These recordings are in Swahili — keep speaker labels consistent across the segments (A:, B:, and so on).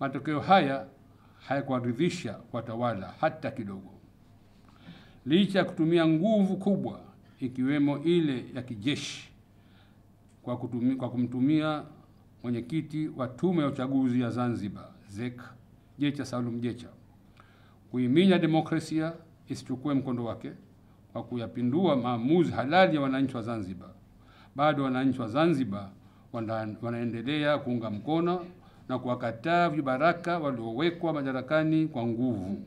A: Matokeo haya hayakuwaridhisha watawala hata kidogo, licha ya kutumia nguvu kubwa ikiwemo ile ya kijeshi kwa, kutumi, kwa kumtumia mwenyekiti wa tume ya uchaguzi ya Zanzibar ZEC Jecha Salum Jecha kuiminya demokrasia isichukue mkondo wake kwa kuyapindua maamuzi halali ya wananchi wa Zanzibar. Bado wananchi wa Zanzibar wanaendelea kuunga mkono na kuwakataa vibaraka waliowekwa madarakani kwa nguvu.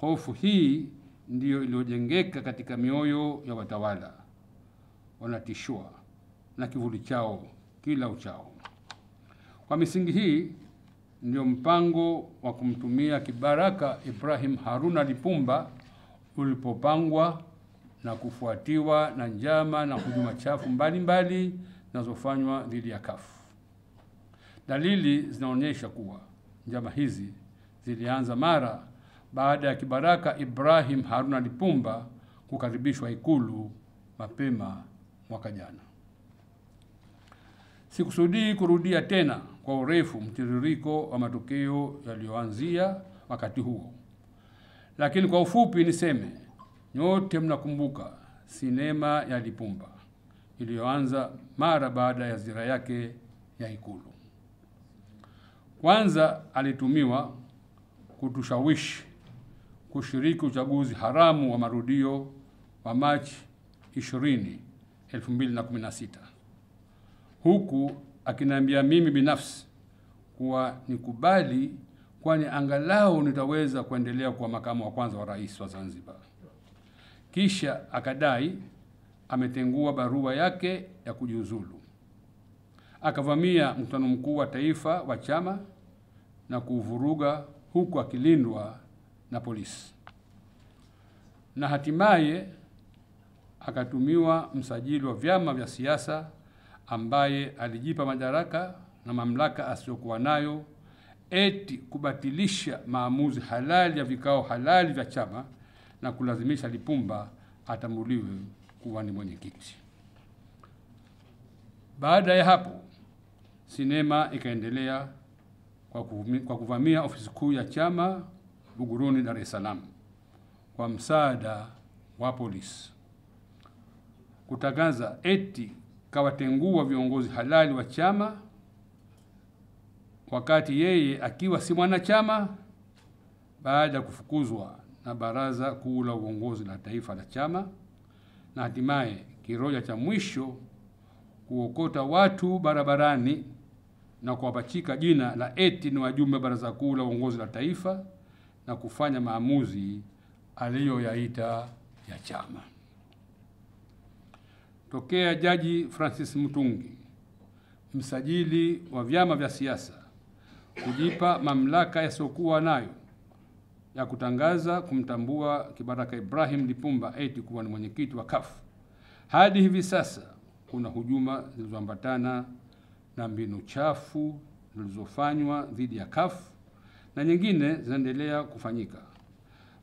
A: Hofu hii ndiyo iliyojengeka katika mioyo ya watawala. Wanatishwa na kivuli chao kila uchao. Kwa misingi hii ndio mpango wa kumtumia kibaraka Ibrahim Haruna Lipumba ulipopangwa na kufuatiwa na njama na hujuma chafu mbalimbali zinazofanywa mbali dhidi ya kafu Dalili zinaonyesha kuwa njama hizi zilianza mara baada ya kibaraka Ibrahim Haruna Lipumba kukaribishwa Ikulu mapema mwaka jana. Sikusudii kurudia tena kwa urefu mtiririko wa matukio yaliyoanzia wakati huo, lakini kwa ufupi niseme nyote mnakumbuka sinema ya Lipumba iliyoanza mara baada ya ziara yake ya Ikulu. Kwanza alitumiwa kutushawishi kushiriki uchaguzi haramu wa marudio wa Machi 20, 2016 huku akiniambia mimi binafsi kuwa nikubali, kwani angalau nitaweza kuendelea kuwa makamu wa kwanza wa rais wa Zanzibar. Kisha akadai ametengua barua yake ya kujiuzulu akavamia mkutano mkuu wa taifa wa chama na kuuvuruga huku akilindwa na polisi, na hatimaye akatumiwa msajili wa vyama vya siasa ambaye alijipa madaraka na mamlaka asiyokuwa nayo, eti kubatilisha maamuzi halali ya vikao halali vya chama na kulazimisha Lipumba atambuliwe kuwa ni mwenyekiti. Baada ya hapo Sinema ikaendelea kwa, kuvamia ofisi kuu ya chama Buguruni, Dar es Salaam kwa msaada wa polisi, kutangaza eti kawatengua viongozi halali wa chama wakati yeye akiwa si mwanachama, baada ya kufukuzwa na Baraza Kuu la Uongozi la Taifa la chama, na hatimaye kiroja cha mwisho kuokota watu barabarani na kuwapachika jina la eti ni wajumbe wa Baraza Kuu la Uongozi la Taifa na kufanya maamuzi aliyoyaita ya chama. Tokea Jaji Francis Mutungi, msajili wa vyama vya siasa, kujipa mamlaka yasiyokuwa nayo ya kutangaza kumtambua Kibaraka Ibrahim Lipumba eti kuwa ni mwenyekiti wa CUF, hadi hivi sasa kuna hujuma zilizoambatana na mbinu chafu zilizofanywa dhidi ya CAF na nyingine zinaendelea kufanyika.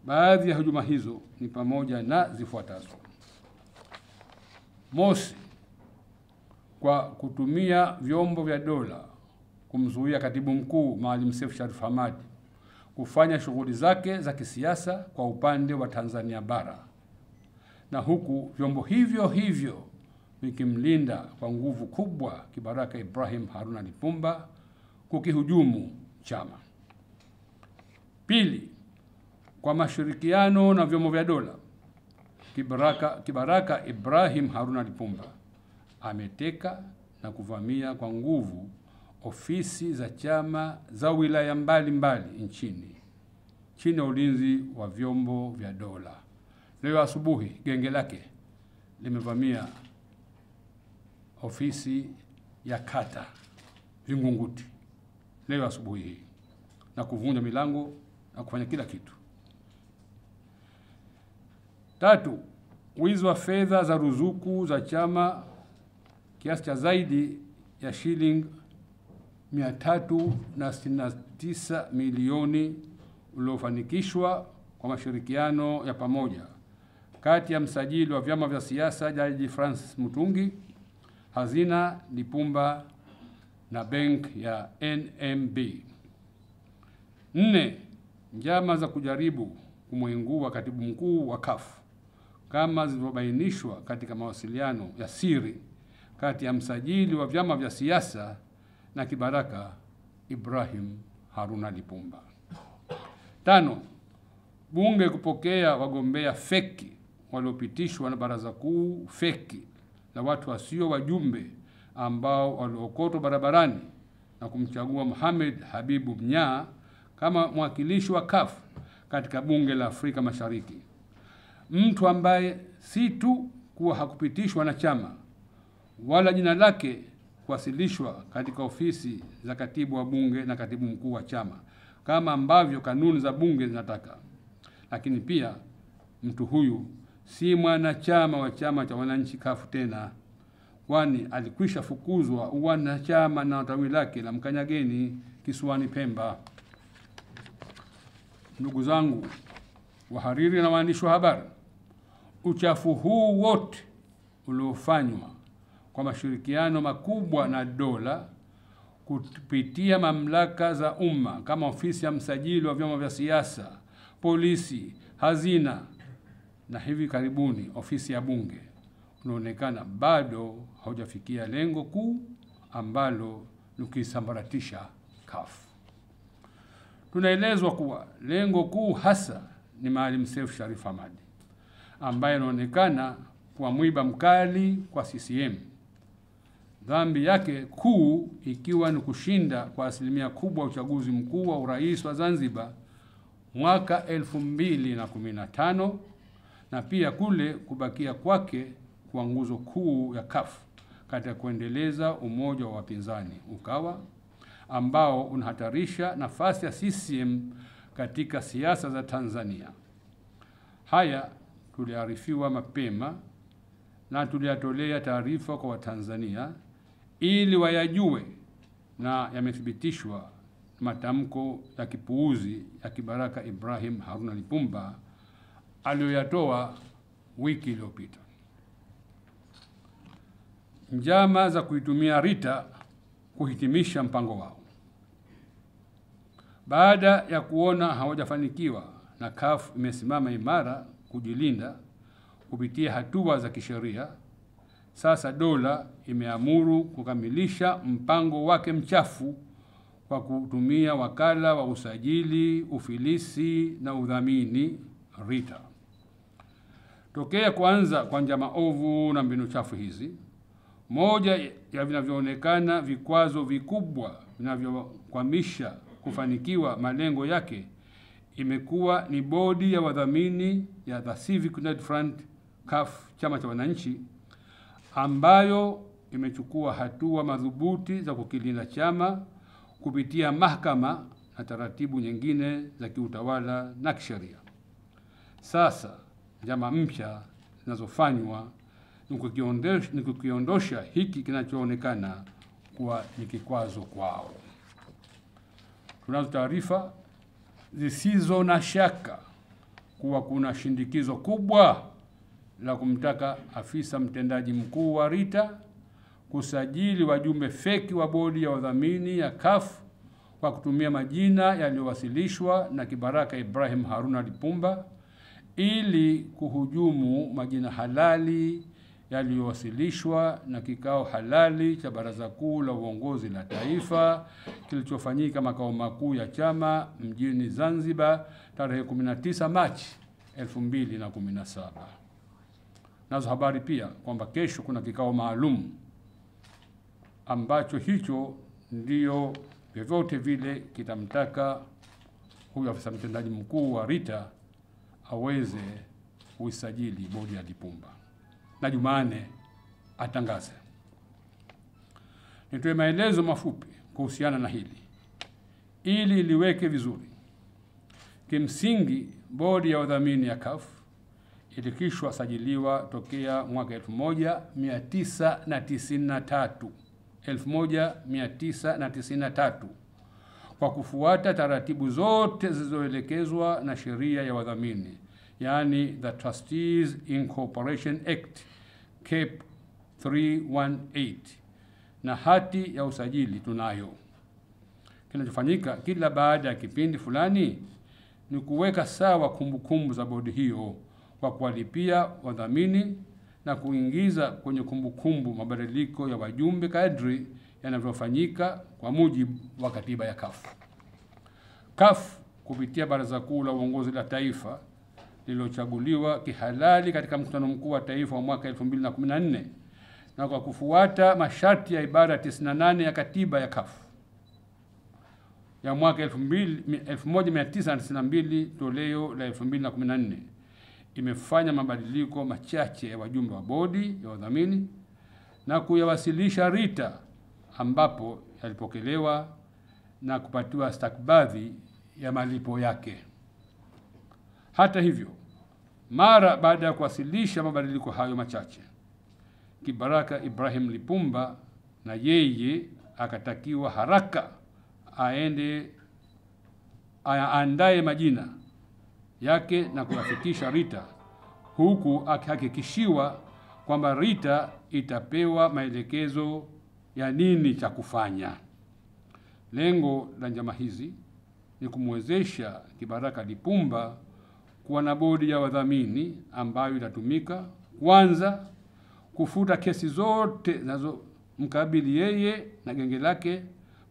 A: Baadhi ya hujuma hizo ni pamoja na zifuatazo: mosi, kwa kutumia vyombo vya dola kumzuia katibu mkuu Maalim Seif Sharif Hamad kufanya shughuli zake za kisiasa kwa upande wa Tanzania bara, na huku vyombo hivyo hivyo vikimlinda kwa nguvu kubwa kibaraka Ibrahim Haruna Lipumba kukihujumu chama. Pili, kwa mashirikiano na vyombo vya dola, kibaraka, kibaraka Ibrahim Haruna Lipumba ameteka na kuvamia kwa nguvu ofisi za chama za wilaya mbalimbali mbali nchini chini ya ulinzi wa vyombo vya dola. Leo asubuhi genge lake limevamia ofisi ya kata Vingunguti leo asubuhi hii na kuvunja milango na kufanya kila kitu. Tatu, wizi wa fedha za ruzuku za chama kiasi cha zaidi ya shilingi 369 milioni uliofanikishwa kwa mashirikiano ya pamoja kati ya msajili wa vyama vya siasa Jaji Francis Mutungi hazina ni pumba na bank ya NMB. Nne, njama za kujaribu kumwingua katibu mkuu wa CUF kama zilivyobainishwa katika mawasiliano ya siri kati ya msajili wa vyama vya siasa na kibaraka Ibrahim Haruna Lipumba. Tano, bunge kupokea wagombea feki waliopitishwa na baraza kuu feki na watu wasio wajumbe ambao waliokotwa barabarani na kumchagua Mohamed Habibu Mnyaa kama mwakilishi wa CUF katika bunge la Afrika Mashariki, mtu ambaye si tu kuwa hakupitishwa na chama wala jina lake kuwasilishwa katika ofisi za katibu wa bunge na katibu mkuu wa chama kama ambavyo kanuni za bunge zinataka, lakini pia mtu huyu si mwanachama wa chama cha wananchi kafu tena, kwani alikwisha fukuzwa uwanachama na tawi lake la Mkanyageni kisiwani Pemba. Ndugu zangu wahariri na waandishi wa habari, uchafu huu wote uliofanywa kwa mashirikiano makubwa na dola kupitia mamlaka za umma kama ofisi ya msajili wa vyama vya siasa, polisi, hazina na hivi karibuni ofisi ya bunge unaonekana bado haujafikia lengo kuu ambalo ni kuisambaratisha CUF. Tunaelezwa kuwa lengo kuu hasa ni Maalim Seif Sharif Hamad ambaye anaonekana kuwa mwiba mkali kwa CCM, dhambi yake kuu ikiwa ni kushinda kwa asilimia kubwa uchaguzi mkuu wa urais wa Zanzibar mwaka 2015 na pia kule kubakia kwake kwa nguzo kuu ya kafu katika kuendeleza umoja wa wapinzani Ukawa ambao unahatarisha nafasi ya CCM katika siasa za Tanzania. Haya tuliarifiwa mapema na tuliyatolea taarifa kwa Watanzania ili wayajue, na yamethibitishwa matamko ya kipuuzi ya kibaraka Ibrahim Haruna Lipumba aliyoyatoa wiki iliyopita. Njama za kuitumia Rita kuhitimisha mpango wao. Baada ya kuona hawajafanikiwa na CAF imesimama imara kujilinda kupitia hatua za kisheria, sasa dola imeamuru kukamilisha mpango wake mchafu kwa kutumia wakala wa usajili, ufilisi na udhamini Rita. Tokea kwanza kwa njama ovu na mbinu chafu hizi, moja ya vinavyoonekana vikwazo vikubwa vinavyokwamisha kufanikiwa malengo yake imekuwa ni bodi ya wadhamini ya The Civic United Front CUF, chama cha wananchi, ambayo imechukua hatua madhubuti za kukilinda chama kupitia mahakama na taratibu nyingine za kiutawala na kisheria. Sasa njama mpya zinazofanywa ni kukiondosha hiki kinachoonekana kuwa ni kikwazo kwao. Tunazo taarifa zisizo na shaka kuwa kuna shindikizo kubwa la kumtaka afisa mtendaji mkuu wa RITA kusajili wajumbe feki wa bodi ya wadhamini ya CUF kwa kutumia majina yaliyowasilishwa na kibaraka Ibrahim Haruna Lipumba ili kuhujumu majina halali yaliyowasilishwa na kikao halali cha Baraza Kuu la Uongozi la Taifa kilichofanyika makao makuu ya chama mjini Zanzibar tarehe 19 Machi 2017. Nazo habari pia kwamba kesho kuna kikao maalum ambacho hicho ndio vyovyote vile kitamtaka huyo afisa mtendaji mkuu wa RITA aweze kuisajili bodi ya Lipumba na Jumane atangaze. Nitoe maelezo mafupi kuhusiana na hili ili liweke vizuri. Kimsingi, bodi ya udhamini ya CAF ilikishwa sajiliwa tokea mwaka 1993 1993 kwa kufuata taratibu zote zilizoelekezwa na sheria ya wadhamini, yani the Trustees Incorporation Act Cap 318 na hati ya usajili tunayo. Kinachofanyika kila baada ya kipindi fulani ni kuweka sawa kumbukumbu kumbu za bodi hiyo kwa kuwalipia wadhamini na kuingiza kwenye kumbukumbu mabadiliko ya wajumbe kadri yanavyofanyika kwa mujibu wa katiba ya CUF. CUF kupitia Baraza Kuu la Uongozi la Taifa lililochaguliwa kihalali katika mkutano mkuu wa taifa wa mwaka 2014 na kwa kufuata masharti ya ibara 98 ya katiba ya kafu ya mwaka 1992 toleo la 2014 imefanya mabadiliko machache ya wajumbe wa bodi ya wadhamini na kuyawasilisha RITA ambapo yalipokelewa na kupatiwa stakabadhi ya malipo yake. Hata hivyo, mara baada ya kuwasilisha mabadiliko hayo machache, kibaraka Ibrahim Lipumba na yeye akatakiwa haraka aende aandaye majina yake na kuyafikisha Rita, huku akihakikishiwa kwamba Rita itapewa maelekezo ya nini cha kufanya. Lengo la njama hizi ni kumwezesha Kibaraka Lipumba kuwa na bodi ya wadhamini ambayo itatumika kwanza kufuta kesi zote zinazomkabili yeye na genge lake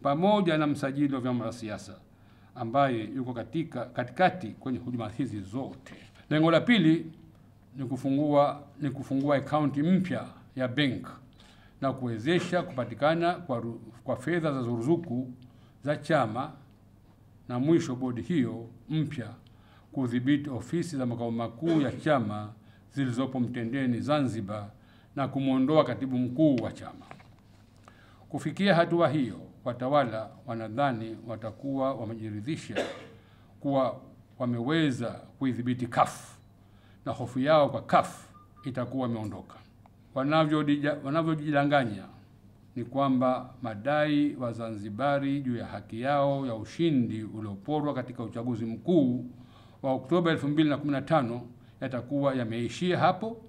A: pamoja na msajili wa vyama vya siasa ambaye yuko katika, katikati kwenye huduma hizi zote. Lengo la pili ni kufungua ni kufungua akaunti mpya ya benki na kuwezesha kupatikana kwa, kwa fedha za ruzuku za chama, na mwisho bodi hiyo mpya kudhibiti ofisi za makao makuu ya chama zilizopo Mtendeni Zanzibar na kumwondoa katibu mkuu wa chama. Kufikia hatua hiyo, watawala wanadhani watakuwa wamejiridhisha kuwa wameweza kuidhibiti kafu na hofu yao kwa kafu itakuwa imeondoka wanavyojidanganya ni kwamba madai Wazanzibari juu ya haki yao ya ushindi ulioporwa katika uchaguzi mkuu wa Oktoba 2015 yatakuwa yameishia hapo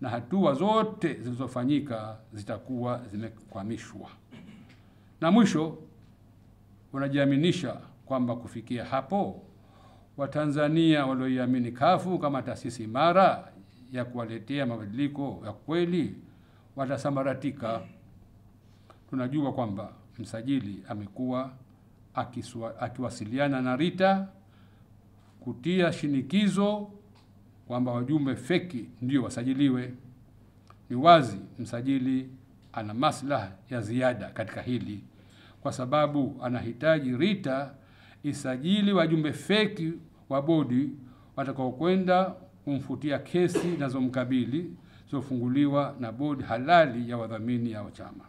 A: na hatua zote zilizofanyika zitakuwa zimekwamishwa. Na mwisho, wanajiaminisha kwamba kufikia hapo Watanzania walioiamini kafu kama taasisi imara ya kuwaletea mabadiliko ya kweli watasambaratika. Tunajua kwamba msajili amekuwa akiwasiliana na RITA kutia shinikizo kwamba wajumbe feki ndio wasajiliwe. Ni wazi msajili ana maslaha ya ziada katika hili, kwa sababu anahitaji RITA isajili wajumbe feki wa bodi watakaokwenda kumfutia kesi zinazomkabili zilizofunguliwa na bodi halali ya wadhamini ya chama.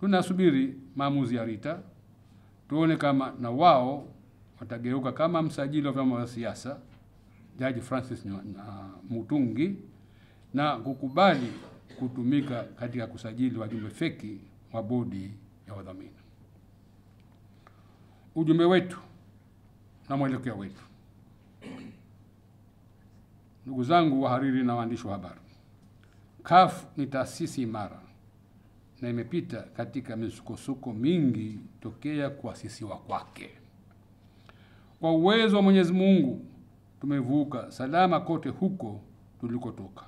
A: Tunasubiri maamuzi ya RITA tuone kama na wao watageuka kama msajili wa vyama vya siasa Jaji Francis Mutungi na kukubali kutumika katika kusajili wajumbe feki wa bodi ya wadhamini. Ujumbe wetu na mwelekeo wetu Ndugu zangu wahariri na waandishi wa habari, CUF ni taasisi imara na imepita katika misukosuko mingi tokea kuasisiwa kwake. Kwa uwezo wa Mwenyezi Mungu tumevuka salama kote huko tulikotoka.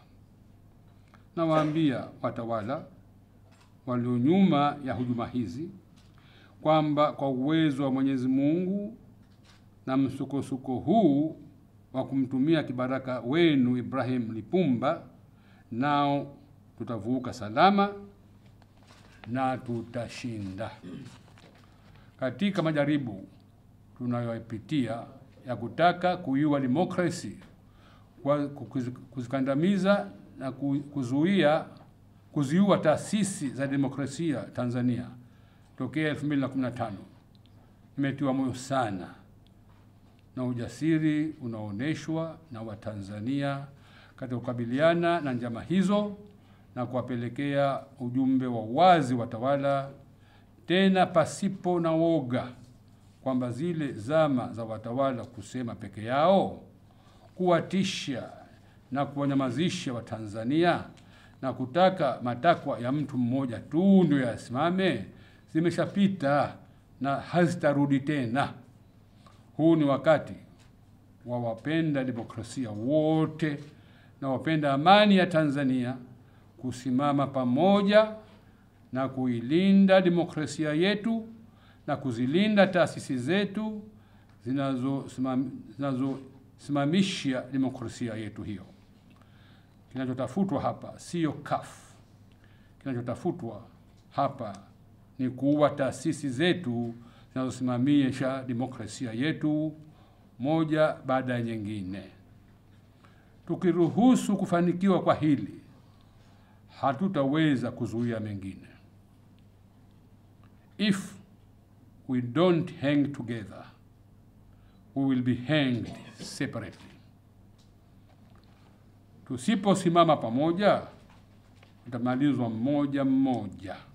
A: Nawaambia watawala walio nyuma ya hujuma hizi kwamba kwa uwezo wa Mwenyezi Mungu na msukosuko huu wa kumtumia kibaraka wenu Ibrahim Lipumba, nao tutavuka salama na tutashinda katika majaribu tunayopitia ya kutaka kuiua demokrasi kwa kuzikandamiza na kuzuia kuziua taasisi za demokrasia Tanzania tokea 2015. Nimetiwa moyo sana na ujasiri unaoonyeshwa na Watanzania katika kukabiliana na njama hizo na kuwapelekea ujumbe wa wazi watawala, tena pasipo na woga, kwamba zile zama za watawala kusema peke yao, kuwatisha na kuwanyamazisha Watanzania na kutaka matakwa ya mtu mmoja tu ndio yasimame zimeshapita na hazitarudi tena. Huu ni wakati wa wapenda demokrasia wote na wapenda amani ya Tanzania kusimama pamoja na kuilinda demokrasia yetu na kuzilinda taasisi zetu zinazosimamisha demokrasia yetu hiyo. Kinachotafutwa hapa siyo kaf kinachotafutwa hapa ni kuua taasisi zetu zinazosimamisha demokrasia yetu moja baada ya nyingine. Tukiruhusu kufanikiwa kwa hili, hatutaweza kuzuia mengine. If we don't hang together, we will be hanged separately. Tusiposimama pamoja, tutamalizwa mmoja mmoja.